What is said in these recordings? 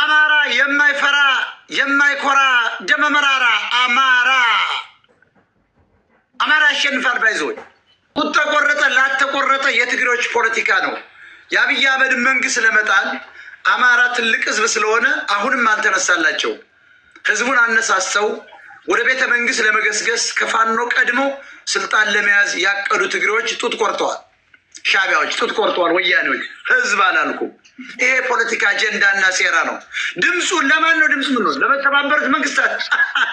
አማራ የማይፈራ የማይኮራ ደመመራራ አማራ አማራ ያሸንፋል። ባይዞች ጡት ተቆረጠ ላተቆረጠ የትግሬዎች ፖለቲካ ነው። የአብይ አህመድን መንግስት ለመጣል አማራ ትልቅ ህዝብ ስለሆነ አሁንም አልተነሳላቸው። ህዝቡን አነሳስተው ወደ ቤተ መንግስት ለመገስገስ ከፋኖ ቀድሞ ስልጣን ለመያዝ ያቀዱ ትግሬዎች ጡት ቆርጠዋል። ሻቢያዎች ጡት ቆርጠዋል። ወያኔዎች ህዝብ አላልኩ ይሄ ፖለቲካ አጀንዳ እና ሴራ ነው። ድምፁ ለማን ነው ድምፅ ምንሆን? ለመተባበሩት መንግስታት።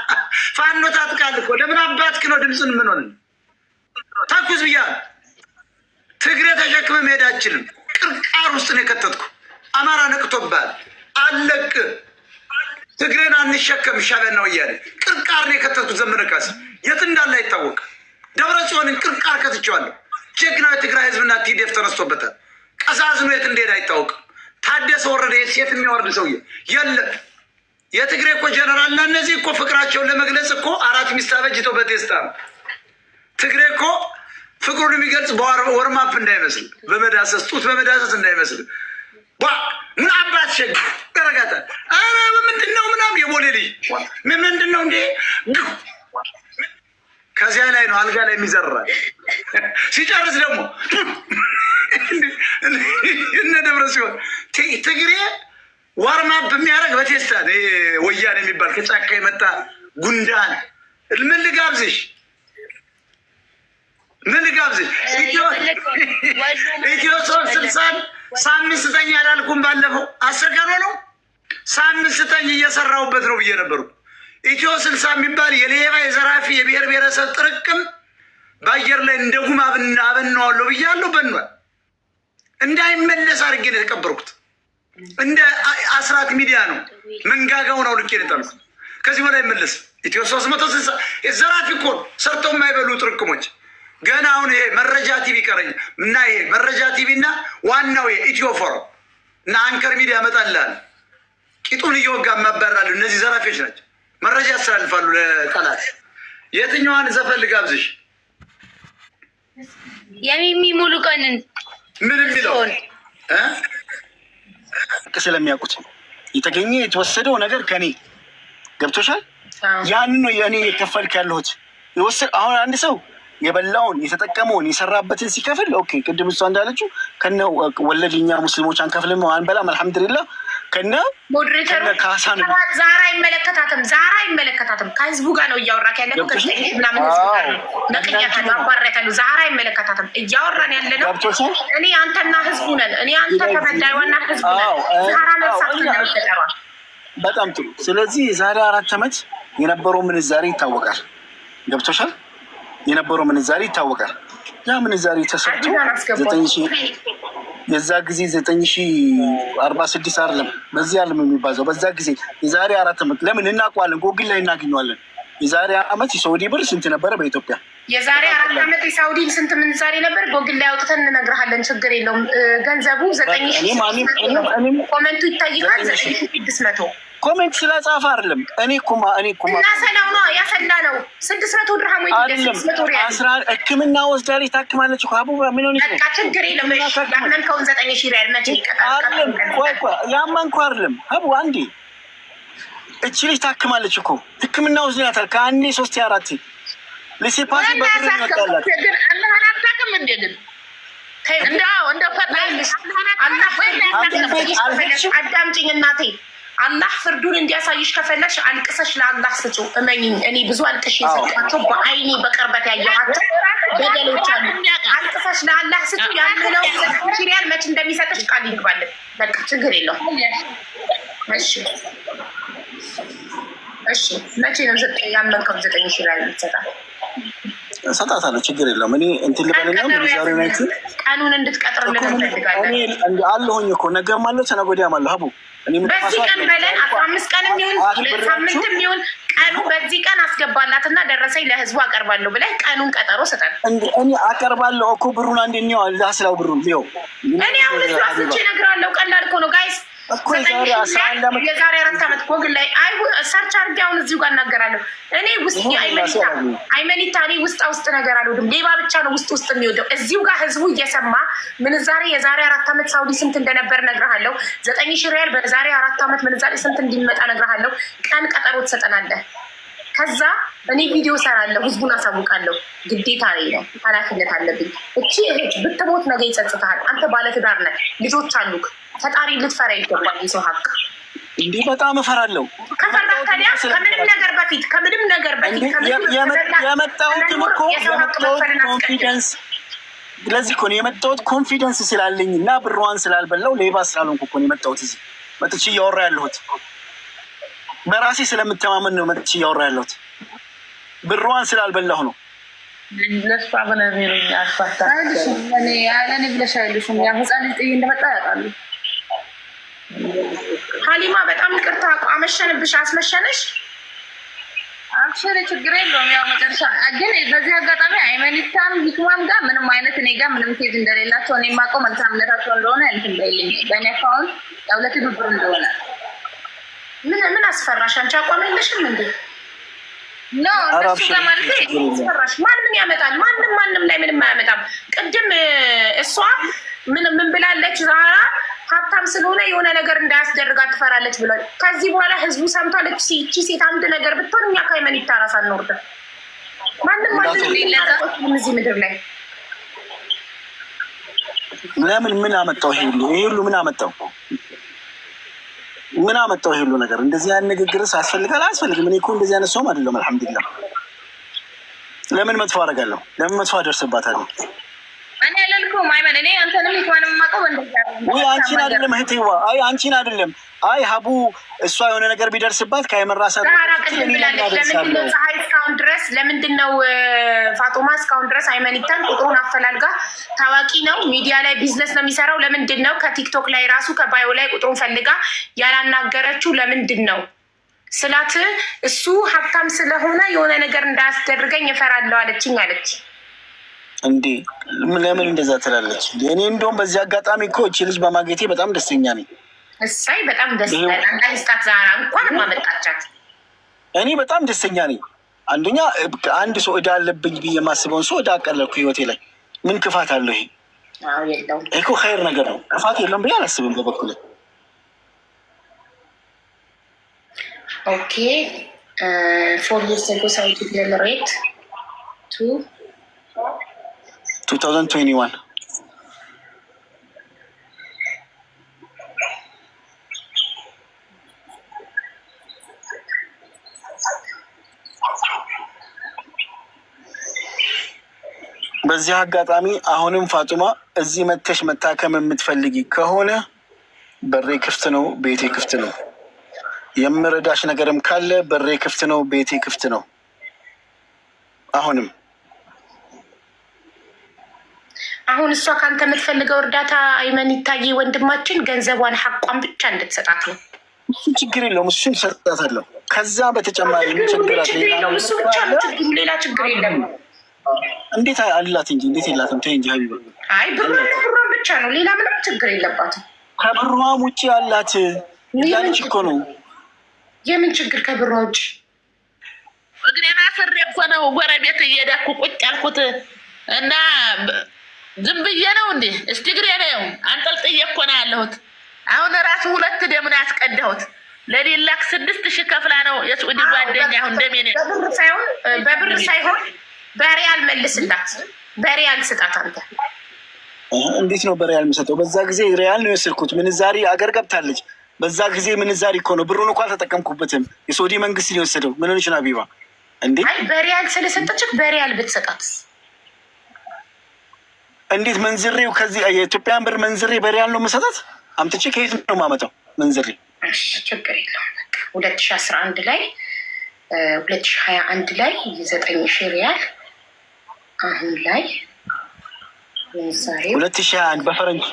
ፋኖ ታጥቃል እኮ ለምን አባትክ ነው ድምፅን ምንሆን? ተኩስ ብያ ትግሬ ተሸክመ መሄድ አችልም። ቅርቃር ውስጥ ነው የከተትኩ። አማራ ነቅቶባል። አለቅ ትግሬን አንሸከም። ሻቢያና ወያኔ ቅርቃር ነው የከተትኩ። ዘመነ ካሴ የት እንዳለ አይታወቅ። ደብረ ጽዮንን ቅርቃር ከትቼዋለሁ። ጀግናው የትግራይ ህዝብና ቲዴፍ ተነስቶበታል። ቀዛዝኑ የት እንደሄድ አይታወቅም። ታደሰ ወረደ የሴት የሚያወርድ ሰውዬ የለ የትግሬ እኮ ጀነራል ጀነራልና እነዚህ እኮ ፍቅራቸውን ለመግለጽ እኮ አራት ሚስት አበጅተው በቴስታ ነው። ትግሬ እኮ ፍቅሩን የሚገልጽ በወርማፕ እንዳይመስል በመዳሰስ ጡት በመዳሰስ እንዳይመስል ምን አባት ሸግ ያረጋታል ምንድነው ምናም የቦሌ ልጅ ምንድነው እንዴ ከዚያ ላይ ነው አልጋ ላይ የሚዘራ ሲጨርስ ደግሞ እነ ደብረ ሲሆን ትግሬ ዋርማፕ የሚያደርግ በቴስታ ወያኔ የሚባል ከጫካ የመጣ ጉንዳን ምን ልጋብዝሽ? ምን ልጋብዝሽ? ኢትዮ ሶስት ስልሳን ሳምንት ስጠኝ አላልኩም? ባለፈው አስር ቀን ሆነው ሳምንት ስጠኝ እየሰራሁበት ነው ብዬ ነበሩ። ኢትዮ ስልሳ የሚባል የሌባ የዘራፊ የብሔር ብሔረሰብ ጥርቅም በአየር ላይ እንደ ጉም አበናዋለሁ ብያለሁ። በኗል እንዳይመለስ አድርጌ ነው የተቀበርኩት። እንደ አስራት ሚዲያ ነው መንጋጋው ነው ልኬ የጠምኩት። ከዚህ በላይ መለስ ኢትዮ ሶስት መቶ ስልሳ የዘራፊ እኮ ነው ሰርተው የማይበሉ ጥርቅሞች ገና አሁን ይሄ መረጃ ቲቪ ቀረኝ እና ይሄ መረጃ ቲቪ እና ዋናው የኢትዮ ፎረም እና አንከር ሚዲያ መጣላል ቂጡን እየወጋ ማባራሉ እነዚህ ዘራፊዎች ናቸው። መረጃ ያስተላልፋሉ ለጠላት። የትኛዋን ዘፈን ልጋብዝሽ? የሚሚ ሙሉ ቀንን ምን የሚለው ስለሚያውቁት የተገኘ የተወሰደው ነገር ከኔ ገብቶሻል። ያን ነው እኔ የከፈልክ ያለሁት። አሁን አንድ ሰው የበላውን የተጠቀመውን የሰራበትን ሲከፍል ኦኬ፣ ቅድም እሷ እንዳለችው ከነ ወለድኛ ሙስሊሞች አንከፍልም አንበላም አልሐምዱሊላ ከነ ሞዴሬተሩ ዛራ አይመለከታትም፣ ዛራ አይመለከታትም። ከህዝቡ ጋር ነው እያወራክ ያለ ነው። ምናምን ነው ዛራ አይመለከታትም። እያወራን ያለ ነው እኔ አንተና ህዝቡ ነን። እኔ አንተ ተበዳይ ዋና ህዝቡ ነን። ዛራ መርሳት እንደሚፈጠሯል። በጣም ጥሩ። ስለዚህ የዛሬ አራት አመት የነበረው ምንዛሬ ይታወቃል። ገብቶሻል? የነበረው ምንዛሬ ይታወቃል። ያ ምንዛሬ ተሰርቶ ዘጠኝ ሺህ የዛ ጊዜ ዘጠኝ ሺ አርባ ስድስት አይደለም በዚህ ዓለም የሚባዛው በዛ ጊዜ የዛሬ አራት ዓመት ለምን እናውቀዋለን፣ ጎግል ላይ እናገኘዋለን። የዛሬ ዓመት የሳውዲ ብር ስንት ነበረ በኢትዮጵያ? የዛሬ አራት ዓመት የሳውዲ ስንት ምንዛሬ ነበር? ጎግል ላይ አውጥተን እንነግርሃለን። ችግር የለውም ገንዘቡ ዘጠኝ ሺ ኮመንቱ ይታይሃል። ዘጠኝ ሺ ስድስት መቶ ኮሜንት ስለጻፈ አይደለም። እኔ ኩማ እኔ ኩማ እናሰላው ነው ያፈላ ነው ስድስት መቶ ድርሃም ወይ ስድስት መቶ ሪያል አስራ ሕክምና ወስዳለች ታክማለች እኮ አቡባ ምን ሆነች ነው? ችግር የለም ያመንከውን ዘጠኝ ሺ ሪያል መቼ ይቀጣል? ቆይ ቆይ ያመንኩ አይደለም አቡ አንዴ እቺ ልጅ ታክማለች እኮ ሕክምና ወስዳታል ከአንዴ ሶስት አራት ልሴፓሲ በፍር ይመጣላት አላህን እንዴ ግን እንደው እንደው ፈጣሪ አዳምጪኝ እናቴ አላህ ፍርዱን እንዲያሳይሽ ከፈለግሽ አልቅሰሽ ለአላህ ስጪው። እመኝኝ፣ እኔ ብዙ አልቅሽ የሰጧቸው በአይኔ በቅርበት ያየኋቸው በደሎች አሉ። አልቅሰሽ ለአላህ ስጪው። ያምለው ሪያል መች እንደሚሰጥሽ ቃል ይግባለን። በቃ ችግር የለው። እሺ፣ እሺ። መቼ ነው ዘጠኝ ያመንከው? ዘጠኝ ሺ ላይ ይሰጣል እሰጣታለሁ ችግር የለም። እኔ እንትን ልበልና ዛሬ ናይቱ ቀኑን እንድትቀጥርልን እንፈልጋለን። አለሁኝ እኮ ነገር ማለት ተነገ ወዲያ አለሁ ሀቡ በዚህ ቀን በለን አስራ አምስት ቀንም ይሁን ሁለት ሳምንት የሚሆን ቀኑ በዚህ ቀን አስገባላት እና ደረሰኝ ለህዝቡ አቀርባለሁ ብለህ ቀኑን ቀጠሮ ስጠን። እኔ አቀርባለሁ እኮ ብሩን አንድ ኒው አስላው ብሩን ው እኔ አሁን እሱ አስቼ እነግርሃለሁ። ቀላል እኮ ነው ጋይስ የዛሬ አራት ዓመት ጎግል ላይ አይ ሰርች አድርጌ አሁን እዚሁ ጋር እናገራለሁ። እኔ ውስጥ አይመኒታ አይመኒታ እኔ ውስጥ ውስጥ ነገር አልወድም። ሌባ ብቻ ነው ውስጥ ውስጥ የሚወደው። እዚሁ ጋር ህዝቡ እየሰማ ምንዛሬ የዛሬ አራት ዓመት ሳውዲ ስንት እንደነበር እነግርሃለሁ። ዘጠኝ ሺህ ሪያል በዛሬ አራት ዓመት ምንዛሬ ስንት እንዲመጣ እነግርሃለሁ። ቀን ቀጠሮ ትሰጠናለህ። ከዛ እኔ ቪዲዮ ሰራለሁ፣ ህዝቡን አሳውቃለሁ። ግዴታ ላይ ነው፣ ኃላፊነት አለብኝ። እቺ እህት ብትሞት ነገ ይጸጽታል። አንተ ባለትዳር ነህ፣ ልጆች አሉክ። ፈጣሪ ልትፈራ ይገባል። የሰው ሀቅ እንዲህ በጣም እፈራለሁ። ከፈራ ከዲያ ከምንም ነገር በፊት ከምንም ነገር በፊት የመጣሁትም እኮ ኮንፊደንስ ለዚህ እኮ ነው የመጣሁት። ኮንፊደንስ ስላለኝ እና ብሯን ስላልበላው ሌባ ስላልሆንኩ እኮ ነው የመጣሁት። እዚህ መጥቼ እያወራ ያለሁት በራሴ ስለምተማመን ነው መጥቼ እያወራ ያለሁት። ብሯን ስላልበላሁ ነው። ለእሷ ብለሽ እንደመጣ ያውቃሉ። ሀሊማ በጣም ይቅርታ አመሸንብሽ፣ አስመሸነሽ አክሽን ችግር የለውም። ያው መጨረሻ ግን በዚህ አጋጣሚ አይመኒታም ሂክማም ጋር ምንም አይነት እኔ ጋር ምንም ኬዝ እንደሌላቸው እኔ የማውቀው መልካምነታቸው እንደሆነ እንትን በይልኝ በእኔ አካውንት ያው ለትብብር እንደሆነ ምን ምን አስፈራሽ? አንቺ አቋም የለሽም እንዴ? ኖ እነሱ ለማለት አስፈራሽ። ማን ምን ያመጣል። ማንም ማንም ላይ ምንም አያመጣም። ቅድም እሷ ምን ምን ብላለች? ዛራ ሀብታም ስለሆነ የሆነ ነገር እንዳያስደርጋት ትፈራለች ብሏል። ከዚህ በኋላ ህዝቡ ሰምቷል። እቺ ሴት አንድ ነገር ብትሆን እኛ ከይመን ይታራሳ እንወርደ ማንም ማንም ሌላም እዚህ ምድር ላይ ለምን ምን አመጣው? ይሄ ሁሉ ይሄ ሁሉ ምን አመጣው? ምን አመጣው ይሄ ሁሉ ነገር? እንደዚህ ያን ንግግርስ አስፈልጋል? አያስፈልግም። እኔ እኮ እንደዚህ አይነት ሰውም አይደለም። አልሐምዱሊላ። ለምን መጥፎ አደርጋለሁ? ለምን መጥፎ አደርስባታለሁ? ወይ አንቺን አይደለም እህቴዋ፣ አይ አንቺን አይደለም። አይ ሀቡ እሷ የሆነ ነገር ቢደርስባት ከአይመን ራሳ ድረስ ለምንድን ነው ፋጡማ እስካሁን ድረስ አይመኒታን ቁጥሩን አፈላልጋ ታዋቂ ነው፣ ሚዲያ ላይ ቢዝነስ ነው የሚሰራው። ለምንድን ነው ከቲክቶክ ላይ ራሱ ከባዮ ላይ ቁጥሩን ፈልጋ ያላናገረችው? ለምንድን ነው ስላት እሱ ሀብታም ስለሆነ የሆነ ነገር እንዳያስደርገኝ እፈራለሁ አለችኝ አለች። እንዴ ለምን እንደዛ ትላለች? እኔ እንደውም በዚህ አጋጣሚ እኮ እቺ ልጅ በማግኘቴ በጣም ደስተኛ ነኝ። እሳይ በጣም ደስ ይላል። አንዳንድ ስታት ዛራ እንኳን ማመጣቻት እኔ በጣም ደስተኛ ነኝ። አንደኛ አንድ ሰው እዳ አለብኝ ብዬ የማስበውን ሰው እዳ አቀለልኩ ህይወቴ ላይ ምን ክፋት አለው? ይሄ ይሄ እኮ ኸይር ነገር ነው። ክፋት የለውም ብዬ አላስብም በበኩል። ኦኬ ፎር ስ ጎ ሳይቱ ጀነሬት ቱ ቱ ታውዘንድ ትዌንቲ ዋን በዚህ አጋጣሚ አሁንም ፋጡማ እዚህ መተሽ መታከም የምትፈልጊ ከሆነ በሬ ክፍት ነው፣ ቤቴ ክፍት ነው። የምረዳሽ ነገርም ካለ በሬ ክፍት ነው፣ ቤቴ ክፍት ነው። አሁንም አሁን እሷ ከአንተ የምትፈልገው እርዳታ አይመን ይታይ ወንድማችን ገንዘቧን ሀቋን ብቻ እንድትሰጣት ነው። እሱ ችግር የለውም፣ እሱን ሰጣታለሁ። ከዛ በተጨማሪ ችግር ሌላ ችግር የለም። እንዴት አላት እንጂ እንዴት የላትም? ተይ እንጂ ሀቢባ። አይ ብሯን ብሯ ብቻ ነው፣ ሌላ ምንም ችግር የለባትም። ከብሯም ውጭ አላት ያለች እኮ ነው። የምን ችግር ከብሯ ውጭ? እግሬን ስሬ እኮ ነው ጎረቤት እየዳኩ ቁጭ ያልኩት እና ዝም ብዬ ነው እንዴ? እስቲ እግሬ ነው አንጠልጥዬ እኮ ነው ያለሁት። አሁን ራሱ ሁለት ደምን ያስቀዳሁት ለሌላክ ስድስት ሺህ ከፍላ ነው የስዑዲ ጓደኛ አሁን ደሜ ነው በብር ሳይሆን በሪያል መልስላት፣ በሪያል ስጣት። አንተ እንዴት ነው በሪያል የምሰጠው? በዛ ጊዜ ሪያል ነው የወሰድኩት። ምንዛሪ አገር ገብታለች። በዛ ጊዜ ምንዛሪ እኮ ነው፣ ብሩን እኮ አልተጠቀምኩበትም። የሳውዲ መንግስት ሊወሰደው ምን ሆነች? ሀቢባ እንዴ በሪያል ስለሰጠች በሪያል ብትሰጣት እንዴት መንዝሬው ከዚህ የኢትዮጵያን ብር መንዝሬ በሪያል ነው የምሰጣት? አምጥቼ ከየት ነው የማመጣው? መንዝሬ ችግር የለውም። ሁለት ሺ አስራ አንድ ላይ ሁለት ሺ ሀያ አንድ ላይ የዘጠኝ ሺ ሪያል አሁን ላይ ለምሳሌ ሁለት ሺ አንድ በፈረንጅ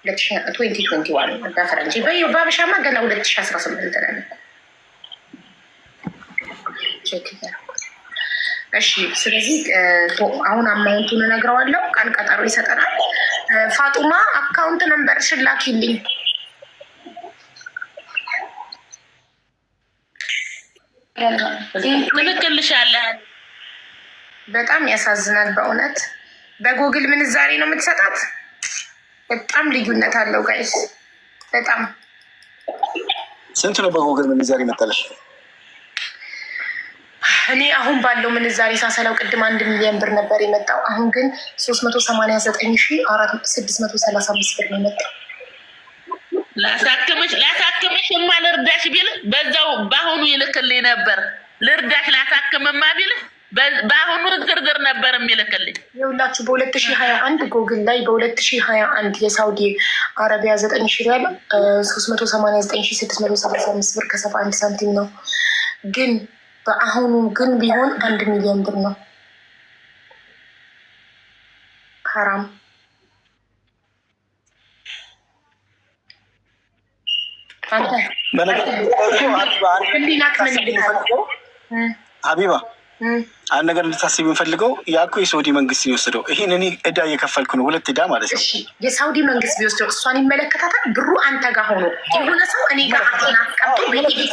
ሁለት ሺ ትንቲ በፈረንጅ በአበሻማ ገና ሁለት ሺ አስራ ስምንት ነን። እሺ ስለዚህ አሁን አማውንቱን እነግረዋለሁ። ቀን ቀጠሮ ይሰጠናል። ፋጡማ አካውንት ነንበር ሽላኪልኝ ምልክልሻለን በጣም ያሳዝናል በእውነት በጉግል ምንዛሬ ነው የምትሰጣት። በጣም ልዩነት አለው ጋይስ። በጣም ስንት ነው በጉግል ምንዛሬ መጠለሽ? እኔ አሁን ባለው ምንዛሬ ሳሰላው ቅድም አንድ ሚሊዮን ብር ነበር የመጣው። አሁን ግን ሶስት መቶ ሰማንያ ዘጠኝ ሺ አራት ስድስት መቶ ሰላሳ አምስት ብር ነው የመጣው። ላሳክምሽ ላሳክምሽ ማ ልርዳሽ ቢል በዛው በአሁኑ ይልክልኝ ነበር ልርዳሽ ላሳክምማ ቢልህ በአሁኑ ዝርዝር ነበር የሚልክልኝ ይኸውላችሁ በሁለት ሺህ ሀያ አንድ ጎግል ላይ በሁለት ሺህ ሀያ አንድ የሳውዲ አረቢያ ዘጠኝ ሺ ሪያል ሶስት መቶ ሰማንያ ዘጠኝ ሺ ስድስት መቶ ሰላሳ አምስት ብር ከሰባ አንድ ሳንቲም ነው። ግን በአሁኑ ግን ቢሆን አንድ ሚሊዮን ብር ነው። ሀራም ሀቢባ አንድ ነገር እንድታስብ የምንፈልገው ያኮ የሳውዲ መንግስት የወሰደው ይህን እኔ እዳ እየከፈልኩ ነው፣ ሁለት እዳ ማለት ነው። የሳውዲ መንግስት ቢወስደው እሷን ይመለከታታል። ብሩ አንተ ጋር ሆኖ የሆነ ሰው እኔ ጋር አቀምጦ ቤት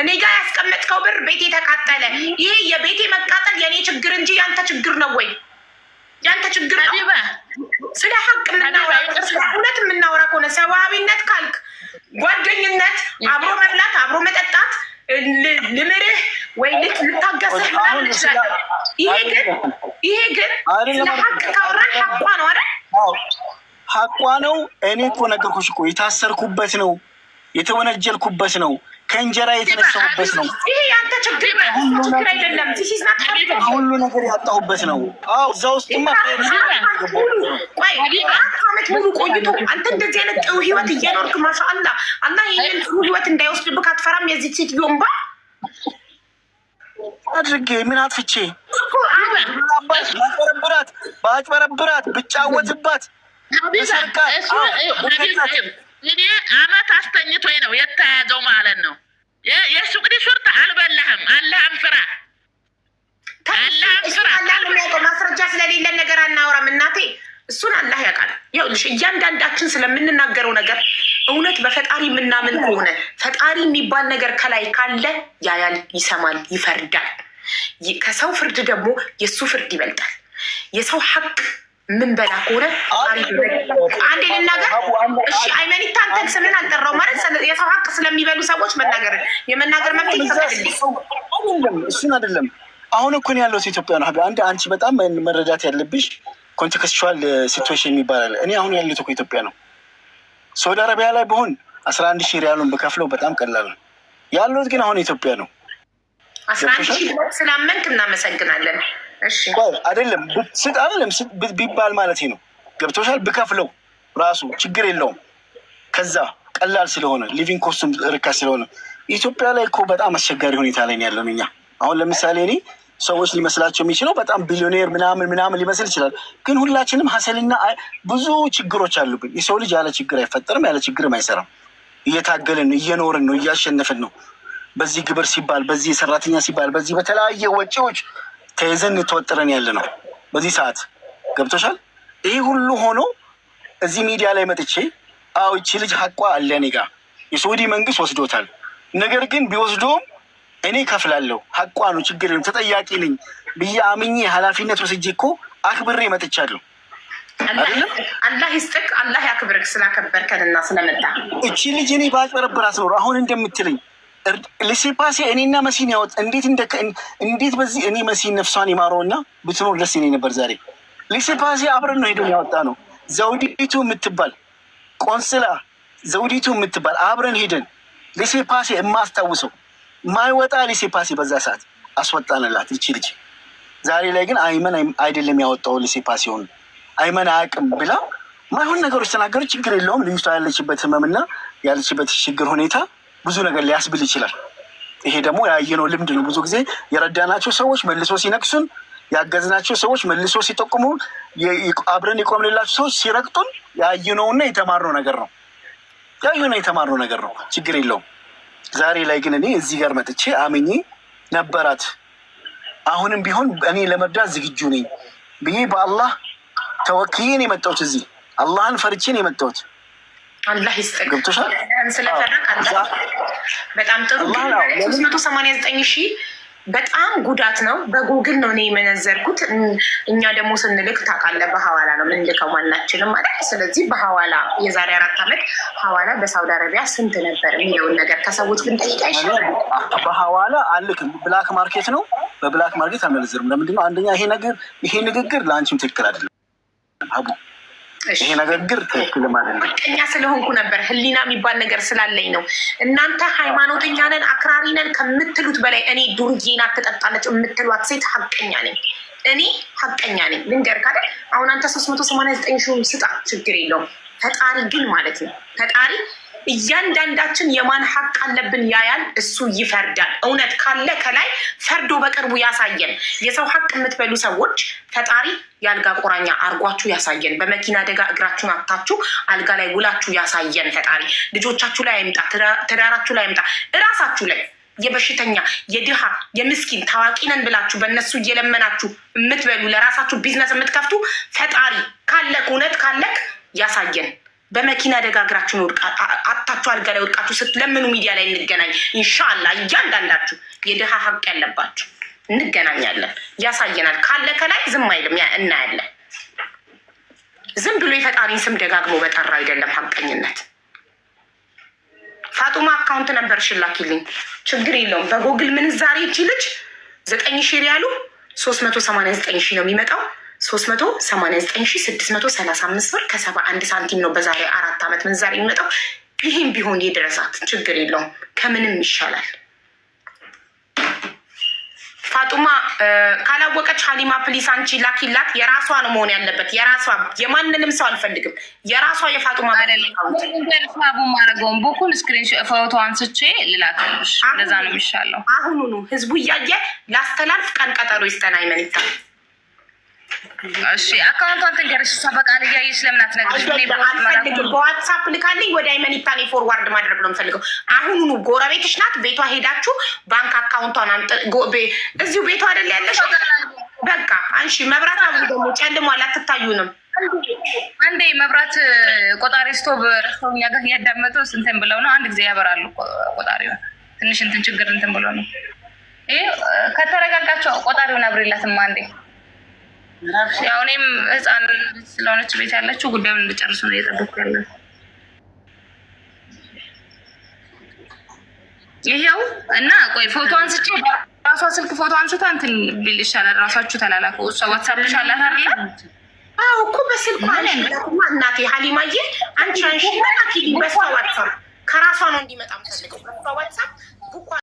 እኔ ጋር ያስቀመጥከው ብር ቤቴ ተቃጠለ። ይህ የቤቴ መቃጠል የእኔ ችግር እንጂ ያንተ ችግር ነው ወይ? ያንተ ችግር ነው። ስለ ሀቅ የምናወራ እውነት የምናወራ ከሆነ ሰብአዊነት ካልክ ጓደኝነት፣ አብሮ መብላት፣ አብሮ መጠጣት ልምርህ ወይ ልታገስህ ምናምን ይሄ ግን ይሄ ግን ስለ ሀቅ ካወራን ሀቋ ነው አይደል? ሀቋ ነው። እኔ እኮ ነገርኩሽ እኮ የታሰርኩበት ነው የተወነጀልኩበት ነው ከእንጀራ የተነሳሁበት ነው። ይሄ ያንተ ችግር አይደለም። ሁሉ ነገር ያጣሁበት ነው። አዎ እዛ ውስጥማ አመት ሙሉ ቆይቶ አንተ እንደዚህ አይነት ጥሩ ህይወት እየኖርክ ማሻአላ፣ አላህ ይህንን ጥሩ ህይወት እንዳይወስድብህ አትፈራም? የዚህ ሴት ቢሆንባ አድርጌ ምን አጥፍቼ ባጭበረብራት፣ ባጭበረብራት ብጫወትባት፣ ሰርቃት እኔ አመት አስተኝቶኝ ነው የተያዘው ማለት ነው። የእሱ ቅዲ ሱርት አልበላህም። አላህም ፍራ፣ አላህም ፍራ። ማስረጃ ስለሌለ ነገር አናወራም እናቴ። እሱን አላህ ያውቃል። ይኸውልሽ እያንዳንዳችን ስለምንናገረው ነገር እውነት በፈጣሪ የምናምን ከሆነ ፈጣሪ የሚባል ነገር ከላይ ካለ ያያል፣ ይሰማል፣ ይፈርዳል። ከሰው ፍርድ ደግሞ የእሱ ፍርድ ይበልጣል። የሰው ሀቅ ምን በላ ከሆነ አንድ ልናገር። እሺ አይመን ታንተን ስምን አልጠራው ማለት የሰው ሀቅ ስለሚበሉ ሰዎች መናገር የመናገር መብት ይፈቅድልኝ። እሱን አይደለም አሁን እኮን ያለው ኢትዮጵያ ነው። አንድ አንቺ በጣም መረዳት ያለብሽ ኮንቴክስቹዋል ሲትዌሽን የሚባላል እኔ አሁን ያለሁት እኮ ኢትዮጵያ ነው። ሳውዲ አረቢያ ላይ በሆን አስራ አንድ ሺህ ሪያሉን በከፍለው በጣም ቀላል ነው ያለሁት፣ ግን አሁን ኢትዮጵያ ነው። አስራ አንድ ሺህ ስላመንክ እናመሰግናለን። አይደለም ስጥ አይደለም ቢባል ማለት ነው። ገብቶሻል። ብከፍለው ራሱ ችግር የለውም። ከዛ ቀላል ስለሆነ ሊቪንግ ኮስቱም ርካሽ ስለሆነ ኢትዮጵያ ላይ እኮ በጣም አስቸጋሪ ሁኔታ ላይ ነው ያለን እኛ። አሁን ለምሳሌ እኔ ሰዎች ሊመስላቸው የሚችለው በጣም ቢሊዮኔር ምናምን ምናምን ሊመስል ይችላል። ግን ሁላችንም ሀሰልና ብዙ ችግሮች አሉብን። የሰው ልጅ ያለ ችግር አይፈጠርም፣ ያለ ችግርም አይሰራም። እየታገልን ነው፣ እየኖርን ነው፣ እያሸነፍን ነው። በዚህ ግብር ሲባል፣ በዚህ ሰራተኛ ሲባል፣ በዚህ በተለያየ ወጪዎች ተይዘን ተወጥረን ያለ ነው በዚህ ሰዓት ገብቶሻል። ይህ ሁሉ ሆኖ እዚህ ሚዲያ ላይ መጥቼ አዎ እቺ ልጅ ሀቋ አለ እኔ ጋ የሳዑዲ መንግስት ወስዶታል። ነገር ግን ቢወስዶም እኔ ከፍላለሁ ሀቋ ነው ችግር ተጠያቂ ነኝ ብዬ አምኜ ኃላፊነት ወስጄ እኮ አክብሬ መጥቻለሁ። አላህ ይስጥክ፣ አላህ ያክብርክ ስላከበርከንና ስለመጣ እቺ ልጅ እኔ ባጭበረብራት ኖሮ አሁን እንደምትለኝ ልሲፓሴ እኔና መሲን ያወጥ እንዴት እንደ እንዴት በዚህ እኔ መሲን ነፍሷን ይማረው እና ብትኖር ደስ ይለኝ ነበር። ዛሬ ልሲፓሴ አብረን ነው ሄደን ያወጣ ነው። ዘውዲቱ የምትባል ቆንስላ ዘውዲቱ የምትባል አብረን ሄደን ሌሴፓሴ የማስታውሰው ማይወጣ ሌሴፓሴ በዛ ሰዓት አስወጣንላት ይቺ ልጅ። ዛሬ ላይ ግን አይመን አይደለም ያወጣው ሌሴፓሴ አይመን አያውቅም ብላ ማይሆን ነገሮች ተናገሩ። ችግር የለውም ልጅቷ ያለችበት ህመምና ያለችበት ችግር ሁኔታ ብዙ ነገር ሊያስብል ይችላል። ይሄ ደግሞ ያየነው ልምድ ነው። ብዙ ጊዜ የረዳናቸው ሰዎች መልሶ ሲነክሱን ያገዝናቸው ሰዎች መልሶ ሲጠቁሙ፣ አብረን የቆምንላቸው ሰዎች ሲረግጡን ያየነውና የተማርነው ነገር ነው። ያየነው የተማርነው ነገር ነው። ችግር የለውም። ዛሬ ላይ ግን እኔ እዚህ ጋር መጥቼ አምኜ ነበራት አሁንም ቢሆን እኔ ለመርዳት ዝግጁ ነኝ ብዬ በአላህ ተወክዬን የመጣሁት እዚህ አላህን ፈርቼን የመጣሁት አላህ ይስጠቅ። አላ በጣም ጥሩ ሶስት መቶ ሰማንያ ዘጠኝ ሺህ በጣም ጉዳት ነው። በጉግል ነው እኔ የመነዘርኩት። እኛ ደግሞ ስንልክ ታውቃለህ፣ በሀዋላ ነው ምንልከው ማናችንም ማለት ስለዚህ በሀዋላ የዛሬ አራት ዓመት ሀዋላ በሳውዲ አረቢያ ስንት ነበር የሚለውን ነገር ከሰዎች ግን ጠይቃ ይሻላል። በሀዋላ አልክም፣ ብላክ ማርኬት ነው። በብላክ ማርኬት አልመነዘርም። ለምንድነው? አንደኛ ይሄ ነገር ይሄ ንግግር ለአንቺም ትክክል አይደለም አቡ ይሄ ነገር ትክክል ማለት ነው። ምቀኛ ስለሆንኩ ነበር፣ ህሊና የሚባል ነገር ስላለኝ ነው። እናንተ ሃይማኖተኛ ነን አክራሪ ነን ከምትሉት በላይ እኔ ዱርጌና ትጠጣለች የምትሏት ሴት ሀቀኛ ነኝ። እኔ ሀቀኛ ነኝ። ልንገር ካለ አሁን አንተ ሶስት መቶ ሰማንያ ዘጠኝ ሺህ ስጣ ችግር የለውም። ፈጣሪ ግን ማለት ነው ፈጣሪ እያንዳንዳችን የማን ሀቅ አለብን ያያል፣ እሱ ይፈርዳል። እውነት ካለ ከላይ ፈርዶ በቅርቡ ያሳየን። የሰው ሀቅ የምትበሉ ሰዎች ፈጣሪ የአልጋ ቁራኛ አርጓችሁ ያሳየን። በመኪና አደጋ እግራችሁን አታችሁ አልጋ ላይ ውላችሁ ያሳየን ፈጣሪ። ልጆቻችሁ ላይ አይምጣ፣ ትዳራችሁ ላይ አይምጣ፣ እራሳችሁ ላይ የበሽተኛ የድሃ የምስኪን ታዋቂ ነን ብላችሁ በእነሱ እየለመናችሁ የምትበሉ ለራሳችሁ ቢዝነስ የምትከፍቱ ፈጣሪ ካለክ እውነት ካለክ ያሳየን። በመኪና ደጋግራችሁ ነው አታችሁ አልጋ ላይ ወድቃችሁ ስትለምኑ ሚዲያ ላይ እንገናኝ። ኢንሻላ እያንዳንዳችሁ የድሃ ሀቅ ያለባችሁ እንገናኛለን። ያሳየናል ካለ ከላይ ዝም አይልም፣ እናያለን። ዝም ብሎ የፈጣሪን ስም ደጋግሞ በጠራ አይደለም ሀቀኝነት። ፋጡማ አካውንት ነበር ሽላኪልኝ፣ ችግር የለውም። በጎግል ምንዛሬ ይቺ ልጅ ዘጠኝ ሺ ሪያሉ ሶስት መቶ ሰማንያ ዘጠኝ ሺ ነው የሚመጣው ሶስት መቶ ሰማንያ ዘጠኝ ሺ ስድስት መቶ ሰላሳ አምስት ብር ከሰባ አንድ ሳንቲም ነው በዛሬ አራት ዓመት ምንዛሬ የሚመጣው። ይህም ቢሆን የድረሳት ችግር የለውም ከምንም ይሻላል። ፋጡማ ካላወቀች ሀሊማ ፕሊስ አንቺ ላኪላት። የራሷ ነው መሆን ያለበት የራሷ የማንንም ሰው አልፈልግም። የራሷ የፋጡማ ማረገውን ቡኩን ስክሪን ፎቶ አንስቼ ልላክልሽ። ለዛ ነው የሚሻለው። አሁኑኑ ህዝቡ እያየ ላስተላልፍ። ቀን ቀጠሮ ይስጠን። ይታል እሺ አካውንቷን ትንገርሽ። እሷ በቃል እያየሽ ለምን አትነግርሽ? በዋትሳፕ ልካልኝ ወደ አይመኒታ እኔ ፎርዋርድ ማድረግ ነው የምፈልገው። አሁኑኑ ጎረቤትሽ ናት፣ ቤቷ ሄዳችሁ ባንክ አካውንቷን እዚሁ ቤቷ አይደል ያለሽ? በቃ አንሺ። መብራት አብሮ ደግሞ ጨልሟል፣ አትታዩንም። አንዴ መብራት ቆጣሪ ስቶብ ረስተው እኛ ጋር እያዳመጡ እንትን ብለው ነው። አንድ ጊዜ ያበራሉ ቆጣሪው። ትንሽ እንትን ችግር እንትን ብለው ነው። ይህ ከተረጋጋቸው ቆጣሪውን አብሬላትማ አንዴ ያው እኔም ህፃን ስለሆነች ቤት ያላችሁ ጉዳዩን እንድጨርሱ ነው እየጠበኩ ያለ። ይሄው እና ቆይ ፎቶ አንስቼ ራሷ ስልክ ፎቶ አንስታ እንትን ቢል ይሻላል። ራሳችሁ ተላላኩ። እሷ ዋትሳፕ ሻላት አለ አዎ እኮ በስልኩ ለማ እናቴ ሀሊማዬ አንቺ አንሺ ኪ በሷ ዋትሳፕ ከራሷ ነው እንዲመጣ ምፈልግ በሷ ዋትሳፕ